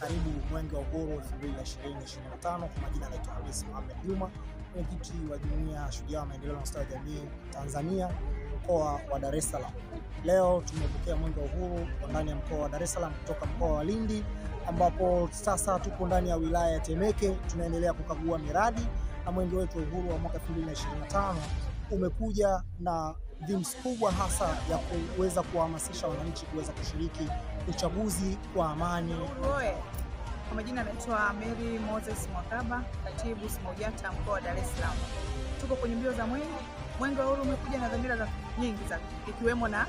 karibu mwenge wa uhuru 2025. Kwa majina anaitwa Hamisi Mohamed Juma, mwenyekiti wa jumuiya Shujaa wa maendeleo na ustawi wa jamii Tanzania mkoa wa Dar es Salaam. Leo tumepokea mwenge wa uhuru ndani ya mkoa wa Dar es Salaam kutoka mkoa wa Lindi, ambapo sasa tupo ndani ya wilaya ya Temeke, tunaendelea kukagua miradi na mwenge wetu wa uhuru wa mwaka 2025 umekuja na dhims kubwa hasa ya kuweza kuwahamasisha wananchi kuweza kushiriki uchaguzi kwa amani. Kwa majina anaitwa Mary Moses Mwakaba, katibu SMAUJATA mkoa wa Dar es Salaam. Tuko kwenye mbio za mwenge. Mwenge wa Uhuru umekuja na dhamira nyingi za ikiwemo na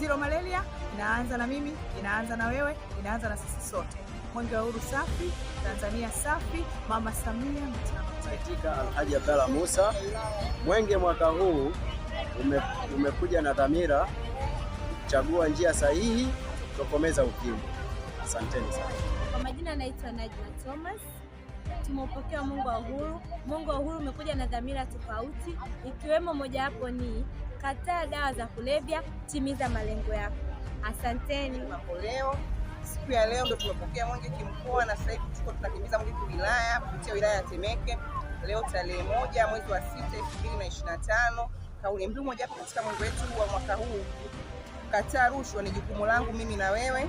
zero malaria, inaanza na mimi, inaanza na wewe, inaanza na sisi sote. Mwenge wa Uhuru safi, Tanzania safi, Mama Samia mtakatifu. Alhaji Abdalla Musa, mwenge mwaka huu ume, umekuja na dhamira chagua njia sahihi kutokomeza ukimwi. Asanteni sana. Kwa majina anaitwa Najma Thomas. Tumeupokea Mungu wa uhuru. Mungu wa uhuru umekuja na dhamira tofauti, ikiwemo mojawapo ni kataa dawa za kulevya, timiza malengo yako. Asanteni. Leo siku ya leo ndio tumepokea mwenge kimkoa, na sasa hivi tuko tunatimiza mwenge kiwilaya kupitia wilaya ya Temeke. Leo tarehe moja mwezi wa sita elfu mbili na ishirini na tano kauli mbiu moja katika mwenge wetu wa mwaka huu kukataa rushwa ni jukumu langu mimi na wewe.